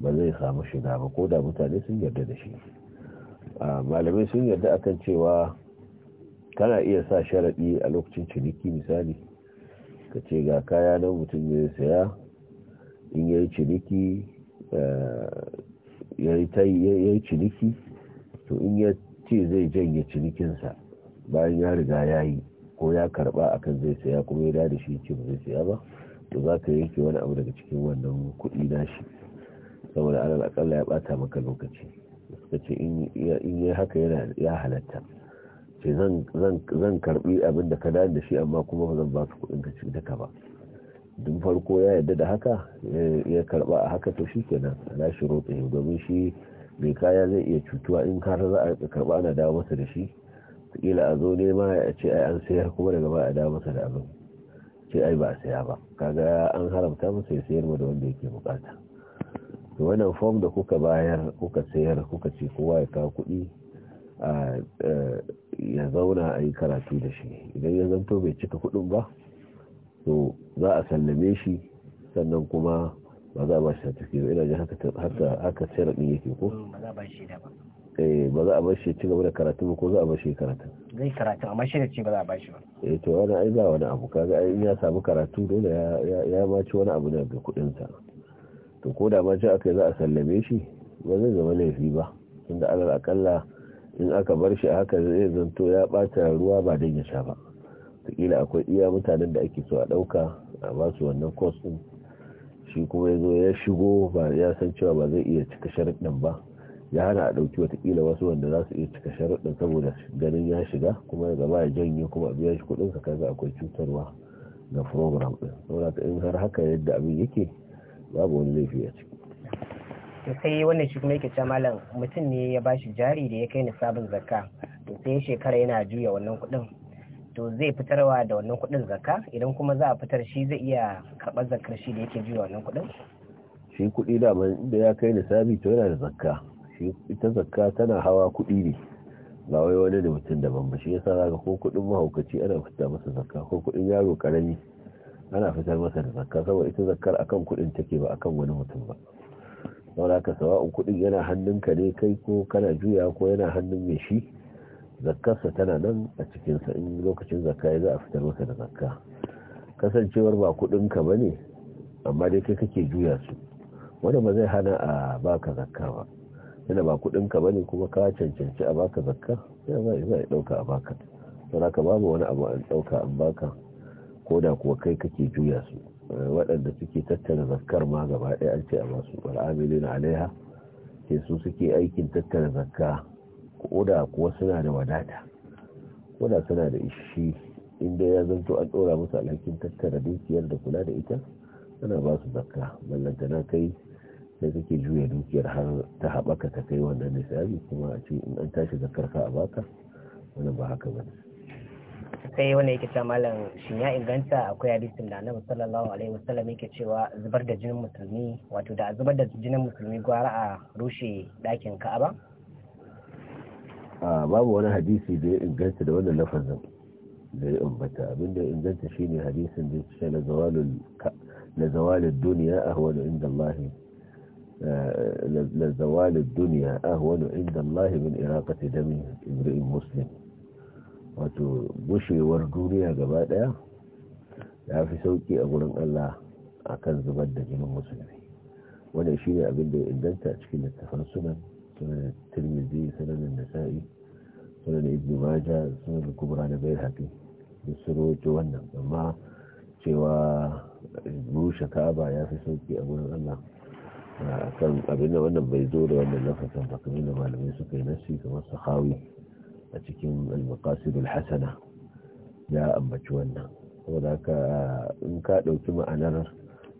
ba zai samu shiga ba ko da mutane sun yarda da shi malamai sun yarda akan cewa kana iya sa sharaɗi a lokacin ciniki misali ka ce ga kaya na mutum ya saya in ya yi ciniki eh, ya yi ciniki to in ya ce zai janye cinikinsa bayan ya riga ya yi ko ya karba akan zai saya kuma ya da shi ce ba zai saya ba to za ka yanke wani abu daga cikin wannan kuɗi shi saboda alal akalla ya bata maka lokaci suka ce in yi haka ya halatta sai zan karbi abin da ka da da shi amma kuma ba zan ba su kuɗin ka cutaka ba duk farko ya yadda da haka ya karba a haka to shi kenan ana shiro tsaye domin shi mai kaya zai iya cutuwa in har za a karba ana dawo masa da shi kila a zo ne ma ya ce ai an sayar kuma daga ba a dawo masa da abin ce ai ba a saya ba kaga an haramta masa ya sayar da wanda yake bukata to wannan form da kuka bayar kuka sayar kuka ce kowa ya kuɗi ya zauna a yi karatu da shi idan ya zanto bai cika kudin ba to za a sallame shi sannan kuma ba za a ba shi certificate ina ji haka tsere ɗin yake ko ba za a bar shi eh, ci gaba da karatu ko za a bar shi karatu zai karatu amma shi da ce ba za a bar shi ba eh to wani ai ba wani abu kaga ai in ya samu karatu dole ya ya ci wani abu ne ga kudin sa to ko da ma ji akai za a sallame shi ba zai zama laifi ba tunda alal akalla in aka bar shi haka zai zanto ya bata ruwa ba don ya sha ba takila akwai iya mutanen da ake so a dauka a ba wannan kos din shi kuma ya zo ya shigo ba ya san cewa ba zai iya cika sharaɗin ba ya hana a ɗauki watakila wasu wanda za su iya cika sharaɗin saboda ganin ya shiga kuma ya gaba ya janye kuma a biya shi kuɗin ka kaga akwai cutarwa ga program ɗin saboda in har haka yadda abin yake babu wani laifi a ciki to sai wannan shi kuma yake cewa malam mutum ne ya bashi jari da ya kai nisabin zakka to sai shekara yana juya wannan kuɗin to zai fitarwa da wannan kuɗin zakka idan kuma za a fitar shi zai iya karɓar zakkar shi da yake juya wannan kuɗin shi kuɗi da da ya kai nisabi to yana da zakka shi ita zakka tana hawa kuɗi ne ba wai wani da mutum daban ba shi yasa zaka ko kuɗin mahaukaci ana fitar masa zakka ko kuɗin yaro karami ana fitar masa da zakka saboda ita zakkar akan kuɗin take ba akan wani mutum ba saura ka sawa'un kuɗin yana hannunka ne kai ko kana juya ko yana hannun mai shi zakkarsa tana nan a cikinsa in lokacin zakka ya za a fitar maka da zakka kasancewar ba kuɗinka ba ne amma dai kai kake juya su wanda ba zai hana a baka zakka ba yana ba kuɗinka ba ne kuma ka cancanci a baka zakka yana za a ɗauka a baka saura ka babu wani abu an ɗauka an baka ko da kuwa kai kake juya su waɗanda suke tattara zakkar ma gaba ɗaya an ce a masu wal'amilin alaiha ke su suke aikin tattara zakka da kuwa suna da wadata da suna da ishi inda ya zanto an ɗora musu alhakin tattara dukiyar da kula da ita ana ba su zakka na kai da kake juya dukiyar har ta haɓaka ta kai wannan nisabi kuma a ce in an tashi zakkar ka a baka wannan ba haka ba ne sai wanda yake cewa malam shin ya inganta akwai hadisin da annabi sallallahu alaihi wasallam yake cewa zubar da jinin musulmi wato da zubar da jinin musulmi gwara a rushe dakin ka'aba a babu wani hadisi da ya inganta da wannan lafazin da ya ambata abinda ya inganta shine hadisin da ya na zawalul na zawalul duniya ahwanu inda Allah na zawalul duniya ahwanu inda Allah min iraqati dami ibrahim muslim wato gushewar duniya gaba daya ya fi sauki a gurin Allah akan zubar da jinin musulmi wannan shine abin da ya inganta cikin littafan sunan sunan tirmidhi sunan nasa'i sunan ibn sunan kubra na bayhaqi sun rawaito wannan amma cewa rushe ka'aba ya fi sauki a gurin Allah abin da wannan bai zo da wannan lafazin ba kamar da malamai suka yi nasi kamar sahawi a cikin al hassana ya ambaci wannan saboda ka ah, in ka dauki ma'anar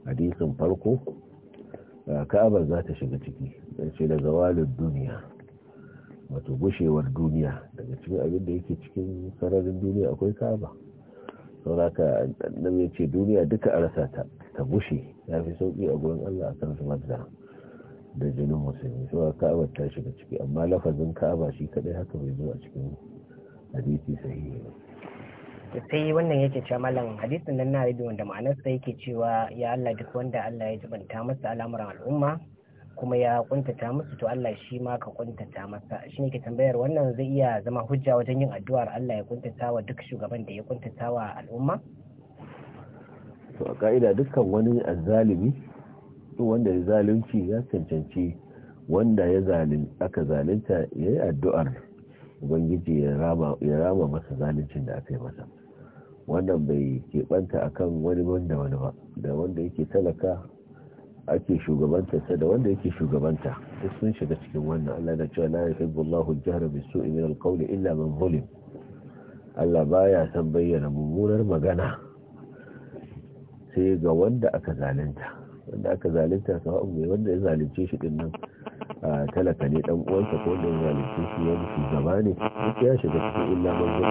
hadisin farko ah, Ka'aba za ta shiga ciki dan ce da zawalud duniya wato gushewar duniya daga cikin abin da yake cikin sararin duniya akwai ka'aba saboda ka annabi ya ce duniya duka a rasa ta ta gushe ya fi sauki a gurin Allah akan zubar da da jinin musulmi so ka'aba ta shiga ciki amma lafazin ka'aba shi kadai haka bai zo a cikin hadisi sahihi ba sai wannan yake cewa malam hadisin nan na rabi wanda ma'anarsa yake cewa ya Allah duk wanda Allah ya jibanta masa al'amuran al'umma kuma ya kuntata masa to Allah shi ma ka kuntata masa shi ne ke tambayar wannan zai iya zama hujja wajen yin addu'ar Allah ya kuntata wa duk shugaban da ya kuntata wa al'umma to a ka'ida dukkan wani azzalimi duk wanda ya zalunci ya cancanci wanda ya aka zalunta ya yi addu'ar ubangiji ya rama masa zaluncin da aka yi masa wannan bai keɓanta akan wani wanda wani ba da wanda yake talaka ake shugabanta shugabantarsa da wanda yake shugabanta duk sun shiga cikin wannan Allah da cewa la yuhibbu Allahu jahra bis min al illa man zulim Allah baya san bayyana mummunar magana sai ga wanda aka zalunta wanda aka zalunta sawa'un mai wanda ya zalunce shi din nan talaka ne dan uwansa ko wanda ya zalunce shi wani shugaba ne duk ya shiga cikin illa manzo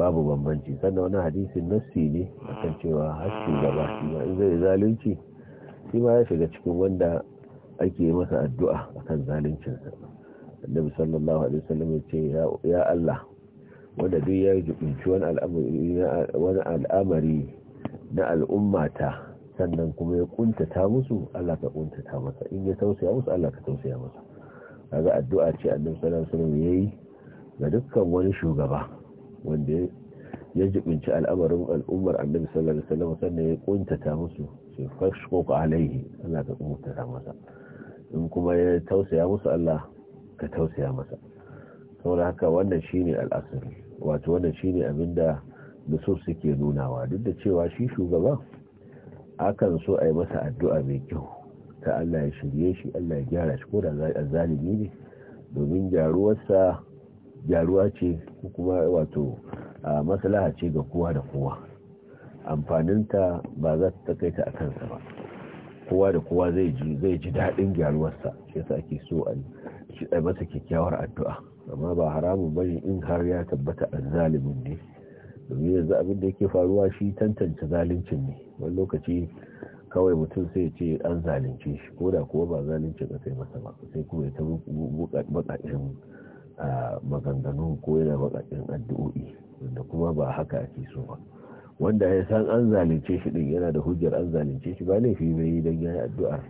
babu bambanci sannan wani hadisin nassi ne akan cewa har shugaba shi ma in zai zalunci shi ma ya shiga cikin wanda ake masa addu'a akan zaluncinsa annabi sallallahu alaihi wasallam ya ce ya Allah wanda duk ya jibinci wani al'amari na al'ummata sannan kuma ya kuntata musu Allah ka kuntata masa in ya tausaya musu Allah ka tausaya masa kaga addu'a ce annabi sallallahu alaihi wasallam yayi ga dukkan wani shugaba wanda ya jibinci al'amarin al'ummar annabi sallallahu alaihi wasallam sannan ya kuntata musu sai ka alaihi Allah ka kuntata masa in kuma ya tausaya musu Allah ka tausaya masa saboda haka wannan shine al'asr wato wannan shine abinda da so suke nunawa duk da cewa shi shugaba akan so a yi masa addu'a mai kyau ta Allah ya shirye shi Allah ya gyara shi ko da zalimi ne domin gyaruwarsa gyaruwa ce kuma wato a maslaha ce ga kowa da kowa amfaninta ba za ta kai ta a kansa ba kowa da kowa zai ji zai ji daɗin gyaruwarsa shi yasa ake so a yi masa kyakkyawar addu'a amma ba haramun bane in har ya tabbata al-zalimin ne domin yanzu abin da yake faruwa shi tantance zaluncin ne wani lokaci kawai mutum sai ce an zalunce shi ko da kuwa ba zaluncin aka sai masa ba sai kuma ya ta bukakin maganganu ko yana bukakin addu'o'i wanda kuma ba haka ake so ba wanda ya san an zalunce shi din yana da hujjar an zalunce shi ba laifi bai yi don ya yi addu'ar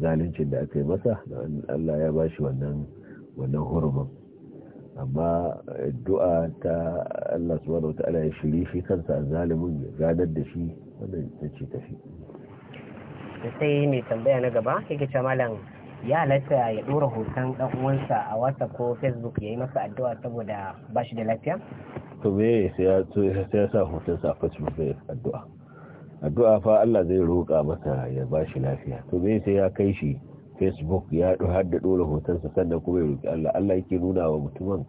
zaluncin da aka yi masa da Allah ya ba shi wannan wannan hurumin amma addu'a ta Allah subhanahu wata'ala ya shiri shi kansa a zalimin ya ganar da shi wannan ta ce tafi sai mai tambaya na gaba yake ce malam ya halatta ya dora hoton dan uwansa a WhatsApp ko Facebook yayi masa addu'a saboda ba shi da lafiya to me sai ya sai ya sa hoton sa a Facebook sai addu'a addu'a fa Allah zai roƙa masa ya ba shi lafiya to me sai ya kai shi facebook ya har da hotonsa sannan kuma ya roki Allah Allah yake nuna wa mutumin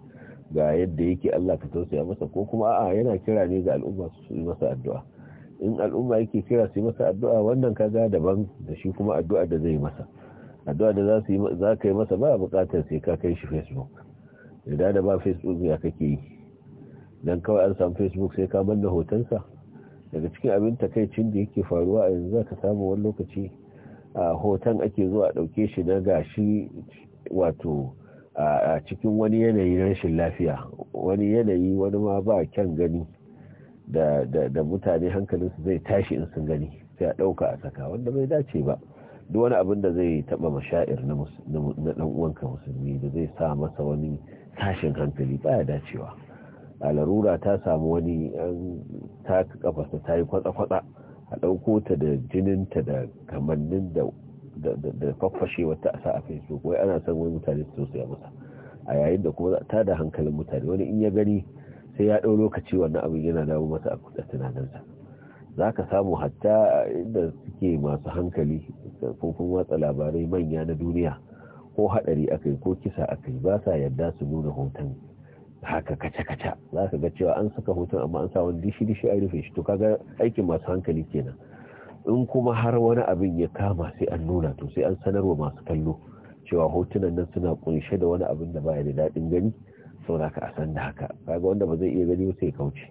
ga yadda yake Allah ka tausaya masa ko kuma a'a yana kira ne ga al'umma su yi masa addu'a in al'umma yake kira su yi masa addu'a wannan ka ga daban da shi kuma addu'a da zai masa addu'a da za ka yi masa ba a buƙatar sai ka kai shi facebook da da ba facebook ya kake yi dan kawai an samu facebook sai ka manna hotonsa daga cikin abin takaicin da yake faruwa a yanzu za ka samu wani lokaci hoton ake zuwa ɗauke shi na gashi wato a cikin wani yanayi na rashin lafiya wani yanayi wani ma ba kyan gani da mutane hankalinsu zai tashi in sun gani sai a ɗauka a saka wanda bai dace ba duk wani abin da zai taɓa mashair na ɗan uwanka musulmi da zai sa masa wani tashin hankali baya dacewa a larura ta samu wani ta kafa ta yi kwatsa-kwatsa a ɗauko ta da jininta da kamannin da da faffashe wata a sa a facebook wai ana san wani mutane su tausaya masa a yayin da kuma ta da hankalin mutane wani in ya gani sai ya ɗau lokaci wannan abin yana dawo masa a kuɗa tunaninsa za ka samu hatta inda suke masu hankali kofin watsa labarai manya na duniya ko haɗari akai ko kisa akai ba sa yadda su nuna hoton haka kaca-kaca za ka ga cewa an saka hoton amma an sa wani dishi-dishi a rufe shi to kaga aikin masu hankali kenan in kuma har wani abin ya kama sai an nuna to sai an sanarwa masu kallo cewa hotunan nan suna kunshe da wani abin da baya da daɗin gani sau da ka a san da haka kaga wanda ba zai iya gani ba sai kauce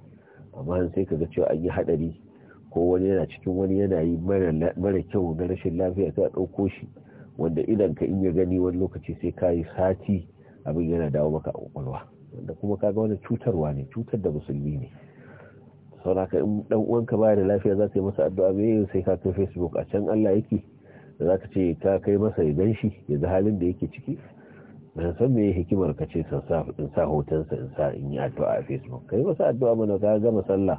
amma sai ka ga cewa an yi haɗari ko wani yana cikin wani yanayi mara kyau na rashin lafiya sai a ɗauko shi wanda idan ka in ya gani wani lokaci sai ka yi sati abin yana dawo maka a ƙwaƙwalwa da kuma kaga wani cutarwa ne cutar da musulmi ne sauraka in dan uwanka baya da lafiya za ka yi masa addu'a me sai ka kai facebook a can Allah yake da za ka ce ka kai masa idan shi ya za halin da yake ciki ban san me hikimar ka ce in sa hotonsa in sa in yi addu'a a facebook kai masa addu'a mana ka gama sallah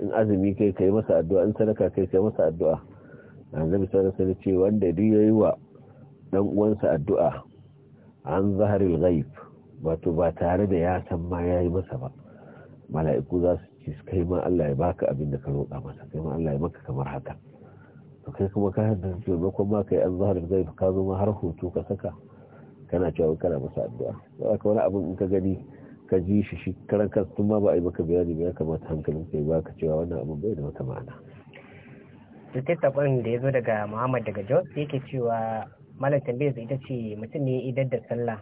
in azumi kai kai masa addu'a in sadaka kai kai masa addu'a annabi sallallahu alaihi ce wanda duk yayi wa dan uwansa addu'a an zaharil ghaib wato ba tare da ya san ma ya yi masa ba mala'iku za su ce kai ma Allah ya baka abin da ka roƙa masa kai ma Allah ya maka kamar haka to kai kuma ka hada da maimakon ma kai an zahar zai ka zo ma har hoto ka saka kana cewa kana masa addu'a za ka wani abin in ka gani ka ji shi shi karan tun ma ba a yi maka bayani ba ya kamata hankalin kai ba ka cewa wannan abin bai da wata ma'ana. ta da ya zo daga Muhammad daga Jos yake cewa malam tambayar ita ce mutum ne idan da sallah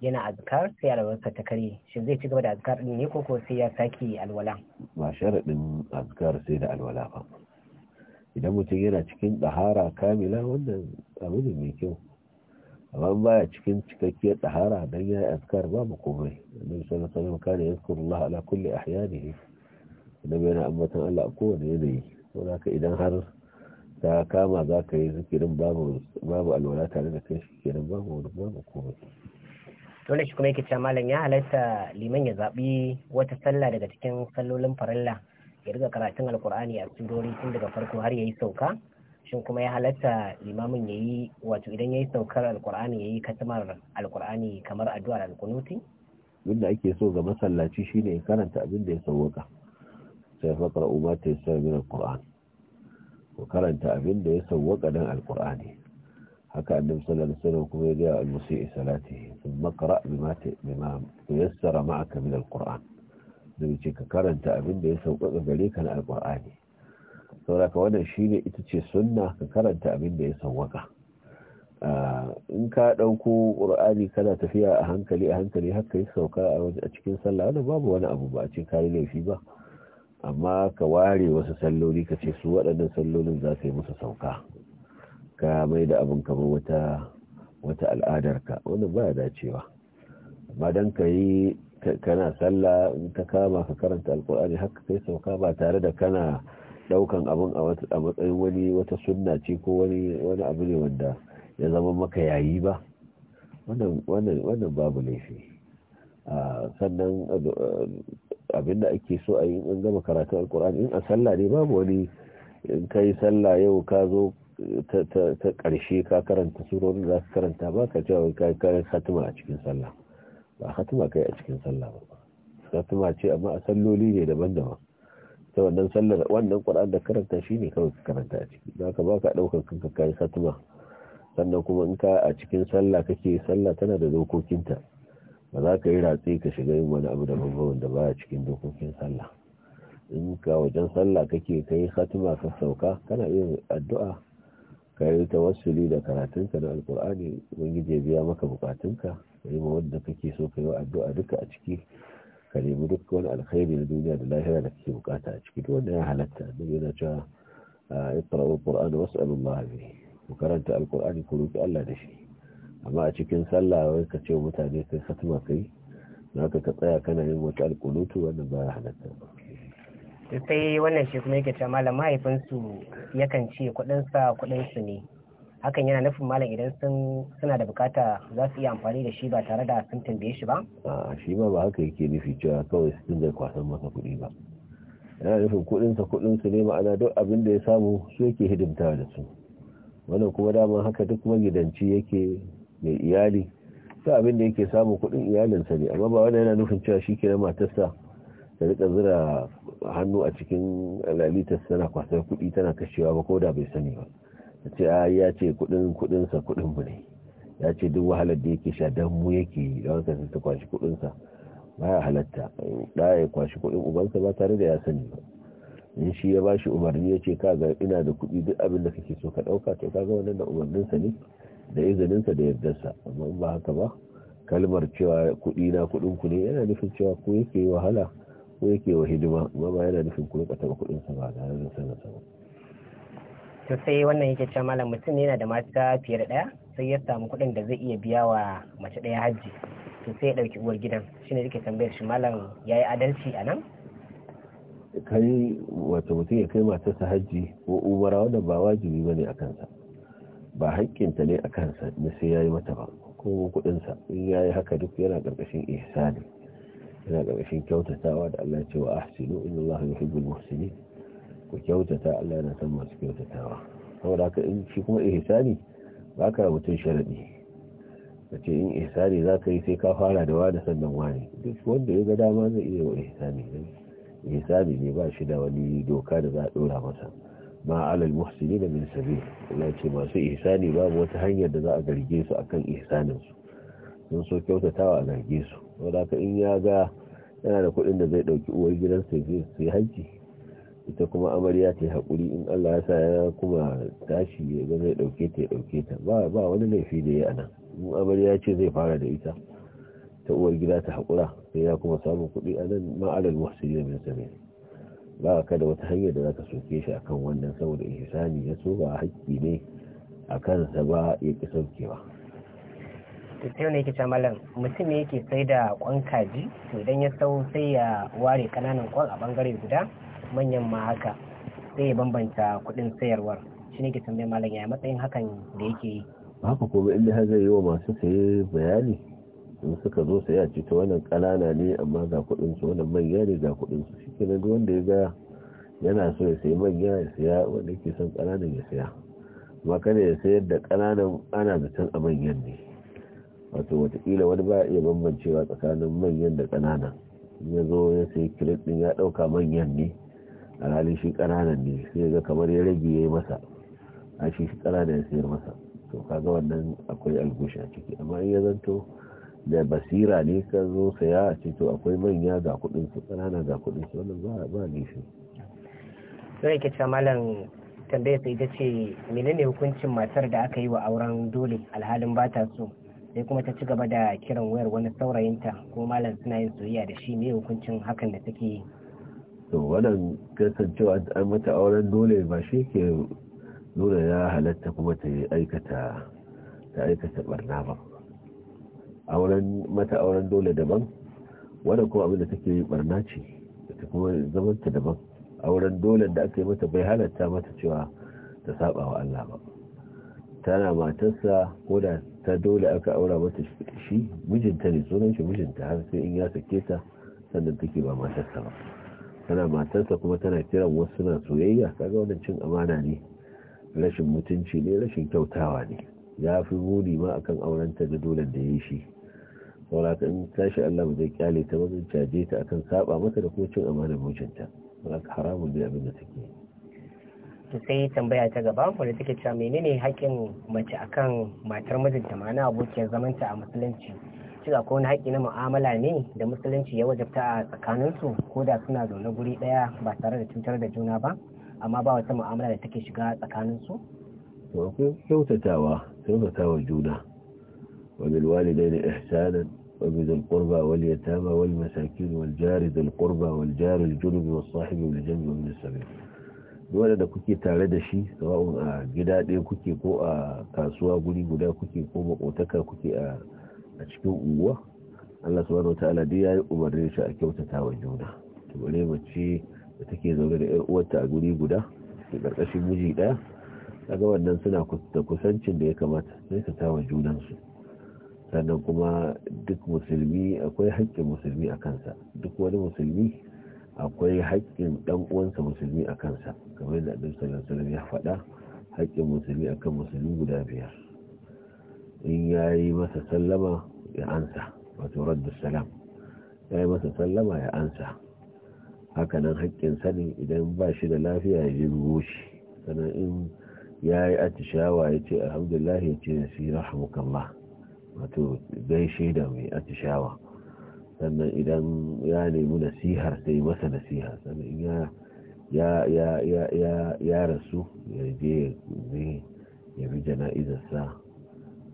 yana azkar sai alwalarsa ta kare shi zai ci gaba da azkar din ne koko sai ya sake alwala ba sharaɗin azkar sai da alwala ba idan mutum yana cikin ɗahara kamila wannan abu ne mai kyau amma baya cikin cikakkiyar ɗahara dan ya yi azkar babu komai annabi sallallahu alaihi wasallam kana yazkurullah ala kulli ahyanihi idan yana ambatan Allah a kowane yanayi saboda ka idan har ta kama za ka yi zikirin babu alwala tare da kai shi kenan babu wani babu komai dole shi kuma yake cewa malam ya halatta liman ya zaɓi wata sallah daga cikin sallolin farilla ya riga karatun alkur'ani a tsirori tun daga farko har ya yi sauka shin kuma ya halatta limamin ya yi wato idan ya yi saukar alkur'ani ya yi katamar alkur'ani kamar addu'ar alkunuti abin da ake so ga masallaci shine ya karanta abin da ya sauwaka sai ya fakar umar ta yi sa min alkur'ani ko karanta abin da ya sauwaka dan alkur'ani haka annabi sallallahu alaihi wasallam kuma ya ga al-musii salatihi thumma qra bima bima tayassara ma'aka min al-qur'an da ka karanta abin da ya sauƙaƙa gare ka na al-qur'ani saboda wannan shine ita ce sunna ka karanta abin da ya sauƙaƙa in ka ɗauko ƙur'ani kana tafiya a hankali a hankali haka yi sauka a cikin sallah wanda babu wani abu ba a ce kayi laifi ba amma ka ware wasu salloli ka ce su waɗannan sallolin za ka yi musu sauka ka mai da abin kamar wata wata ka wanda ba dacewa ba don ka yi kana sallah in ka kama ka karanta alkur'ani haka kai sauka ba tare da kana daukan abin a matsayin wani wata sunna ce ko wani wani abu ne wanda ya zama maka yayi ba wannan babu laifi sannan abin da ake so a yi in gama karatun alkur'ani in a sallah ne babu wani in kai sallah yau ka zo ta ƙarshe ka karanta surorin za ka karanta ba ka cewa ka kai hatima a cikin sallah ba hatima kai a cikin sallah ba hatima ce amma a salloli ne daban-daban ta wannan sallar wannan ƙwar'an da karanta shi kawai ka karanta a ciki za ka ba ka ɗaukar kanka kai hatima sannan kuma in ka a cikin sallah kake sallah tana da dokokinta ba za ka yi ratse ka shiga yin wani abu da babban da baya cikin dokokin sallah in ka wajen sallah kake kai hatima ka sauka kana yin addu'a ka yi tawassuli da karatunka da alkur'ani ubangiji ya biya maka bukatunka ka yi ma wanda kake so ka yi wa addu'a duka a ciki ka nemi duk wani alkhairi na duniya da lahira da kake bukata a ciki wanda ya halatta annabi yana cewa ah, iqra'u kur'ani wasu bihi ku karanta alkur'ani ku roki Allah da shi amma a cikin sallah wai ka ce mutane kai khatma kai ka tsaya kana yin wata alqunutu wannan ba halatta ba sai wannan shi kuma yake cewa malam mahaifinsu yakan ce kudinsa kudinsu ne hakan yana nufin malam idan sun suna da bukata za su iya amfani da shi ba tare da sun tambaye shi ba? shi ma ba haka yake nufi cewa kawai su dinga kwasan masa kuɗi ba yana nufin kudinsa kudinsu ne ma'ana duk abin da ya samu su yake hidimta da su wannan kuma daman haka duk magidanci yake mai iyali ta abin da yake samu kuɗin iyalinsa ne amma ba wannan yana nufin cewa shi kenan matarsa ta rika zira hannu a cikin lalitar tana kwasar kuɗi tana kashewa ba ko da bai sani ba ta ce a ya ce kuɗin kuɗinsa kuɗin mu ne ya ce duk wahalar da yake sha dan mu yake yi don sai ta kwashi kuɗinsa ba ya halatta da ya kwashi kuɗin ubansa ba tare da ya sani ba in shi ya bashi umarni ya ce kaga ina da kuɗi duk abin da kake so ka ɗauka to kaga wannan da umarninsa ne da izininsa da yardarsa amma in ba haka ba kalmar cewa kuɗi na kuɗin ku ne yana nufin cewa ko yake wahala ko yake wa hidima ba ba yana nufin kuma rika kuɗin sa ba tare da sanin sa ba to sai wannan yake cewa malam mutum yana da mata fiye da ɗaya sai ya samu kuɗin da zai iya biya wa mace ɗaya hajji to sai ya ɗauki uwar gidan shine yake tambayar shi malam ya yi adalci a nan kai wata mutum ya kai matarsa hajji ko umara wanda ba wajibi ba ne a kansa ba hakkinta ne a kansa na sai ya yi mata ba ko kuɗinsa in ya yi haka duk yana ƙarƙashin ihsani yana ƙarshen kyautatawa da Allah ce wa ahsinu inna Allah yuhibbul muhsinin ku kyautata Allah yana son masu kyautatawa saboda haka in shi kuma ihsani baka mutum sharadi kace in ihsani zaka yi sai ka fara da wani sannan wani duk wanda ya ga dama zai iya wa ihsani ihsani ne ba shi da wani doka da za a dora masa ma alal da min sabil Allah ce masu ihsani babu wata hanyar da za a garge su akan ihsanin su sun so kyautatawa a garge su wadda ka in ya ga yana da kudin da zai dauki uwar gidansa je su yi hajji ita kuma amarya ta yi haƙuri in Allah ya sa ya kuma tashi ya ga zai dauke ta ya dauke ta ba wani laifi da ya ana in amarya ce zai fara da ita ta uwar gida ta haƙura sai ya kuma samun kuɗi a nan ma'alar muhsiri min sami ba ka da wata hanyar da za ka soke shi akan wannan saboda ihsani ya so ba haƙƙi ne a kansa ba ya ƙi saukewa sai wani yake cewa malam mutum ne yake sai da kwan kaji to idan ya sau sai ya ware kananan kwan a bangare guda manyan ma haka sai ya bambanta kuɗin sayarwar shi ne ke tambayar malam ya matsayin hakan da yake yi haka kuma inda har zai yi wa masu saye bayani in suka zo saya a ta wannan kanana ne amma ga kuɗin su wannan manya ne ga kuɗin su shi kenan duk wanda ya ga yana so ya sayi manya ya saya wanda yake son kananan ya saya amma kada ya sayar da kananan ana zaton a manyan ne wato watakila wani ba iya bambancewa tsakanin manyan da ƙananan ya zo ya sai kiret ɗin ya ɗauka manyan ne a halin shi ƙananan ne sai ga kamar ya rage ya yi masa a shi shi ƙananan ya sayar masa to kaga wannan akwai algusha a ciki amma in ya zanto da basira ne ka zo saya a ce to akwai manya ga kuɗin su ƙananan ga kuɗin su wannan ba ba shi. sai ke ce malam tambayar sai ta ce menene hukuncin matar da aka yi wa auren dole alhalin ba ta so sai kuma ta ci gaba da kiran wayar wani saurayinta ko malam suna yin soyayya da shi ne hukuncin hakan da take yi to wannan kasancewa an mata auren dole ba shi ke nuna ya halatta kuma ta aikata ta aikata barna ba auren mata auren dole daban wanda kuma abin da take yi barna ce ta kuma zamanta daban auren dole da aka yi mata bai halatta mata cewa ta saba wa Allah ba tana matarsa ko da ta dole aka aura mata shi mijinta ne sunan shi mijinta har sai in ya sake ta sannan take ba matarsa ba tana matarsa kuma tana kiran wasu suna soyayya kaga wannan cin amana ne rashin mutunci ne rashin kyautawa ne ya fi muni ma akan auren ta da dole da yayi shi sauraka in tashi Allah zai kyale ta wajen caje ta akan saba mata da kuma cin amanar mijinta haramun ne abin da take yi to sai tambaya ta gaba wanda take cewa menene haƙƙin mace akan matar mijinta ma'ana abokiyar zamanta a musulunci cewa ko wani haƙƙi na mu'amala ne da musulunci ya wajabta a tsakaninsu ko da suna zaune guri daya ba tare da cutar da juna ba amma ba wata mu'amala da take shiga tsakaninsu to akwai kyautatawa kyautatawa juna wa bil walidaini ihsanan dhil qurba wal jari al junub wa sahibi الجنب والصاحب بالجنب ومن sabil waɗanda da kuke tare da shi sawa'un a gida ɗaya kuke ko a kasuwa guri guda kuke ko makotaka kuke a cikin unguwa Allah subhanahu aladi ya yayi umarni shi a kyautata wa juna to bare mace da take zaune da ƴar a guri guda da ƙarƙashin miji ɗaya kaga wannan suna da kusancin da ya kamata sai ka tawa junan su sannan kuma duk musulmi akwai haƙƙin musulmi a kansa duk wani musulmi akwai haƙƙin ɗan uwansa musulmi a kansa kamar da abin sallallahu alaihi ya faɗa haƙƙin musulmi a kan musulmi guda biyar in ya yi masa sallama ya ansa wato raddu salam ya yi masa sallama ya ansa haka nan haƙƙin sani idan ba shi da lafiya ya jirgo shi sannan in ya yi atishawa ya ce alhamdulillah ya ce ya si ba. wato gaishe da mai atishawa sannan idan ya nemi nasihar sai masa nasiha sannan in ya ya ya ya ya rasu ya je ya bi jana'izarsa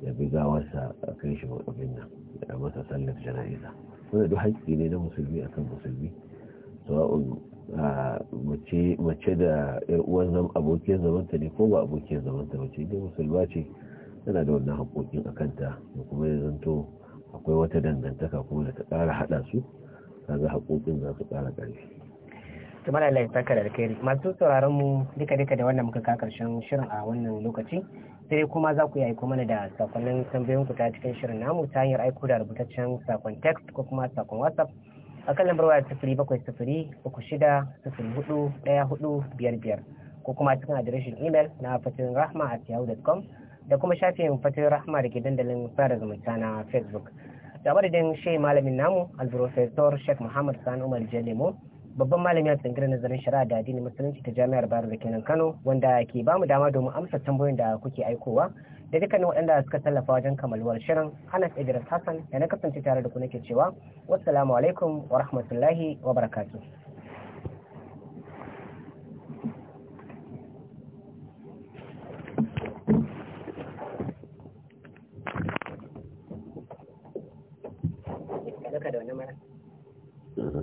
ya bi gawarsa a kai shi nan ya masa sallar jana'iza wanda duk haƙƙi ne na musulmi akan musulmi sawa'un mace da yar uwan abokin zamanta ne ko ba abokin zamanta mace ne musulma ce tana da wannan haƙoƙin kanta da kuma ya zanto akwai wata dangantaka kuma da ta ƙara haɗa su kaga haƙoƙin za su ƙara ƙarfi tuma da Allah saka da alkhairi masu sauraron mu duka duka da wannan muka ka karshen shirin a wannan lokaci sai kuma za ku yi mana da sakonnin tambayoyin ku ta cikin shirin namu ta hanyar aiko da rubutaccen sakon text ko kuma sakon whatsapp akan lambar waya sifiri bakwai sifiri uku shida sifiri hudu ɗaya hudu biyar biyar ko kuma cikin adireshin imel na fatin rahma at yahoo.com da kuma shafin fatin rahama da ke dandalin sada zumunta na facebook da madadin shi malamin namu alprofesor sheikh muhammad sani umar jelimo babban malami a tsangirar nazarin shari'a da addinin musulunci ta jami'ar bayar da kenan kano wanda ke ba mu dama domin amsa tambayoyin da kuke aikowa da dukkanin waɗanda suka tallafa wajen kamaluwar shirin hana idris hassan da na kasance tare da ku nake cewa wassalamu alaikum wa rahmatullahi wa barakatuh barka da mana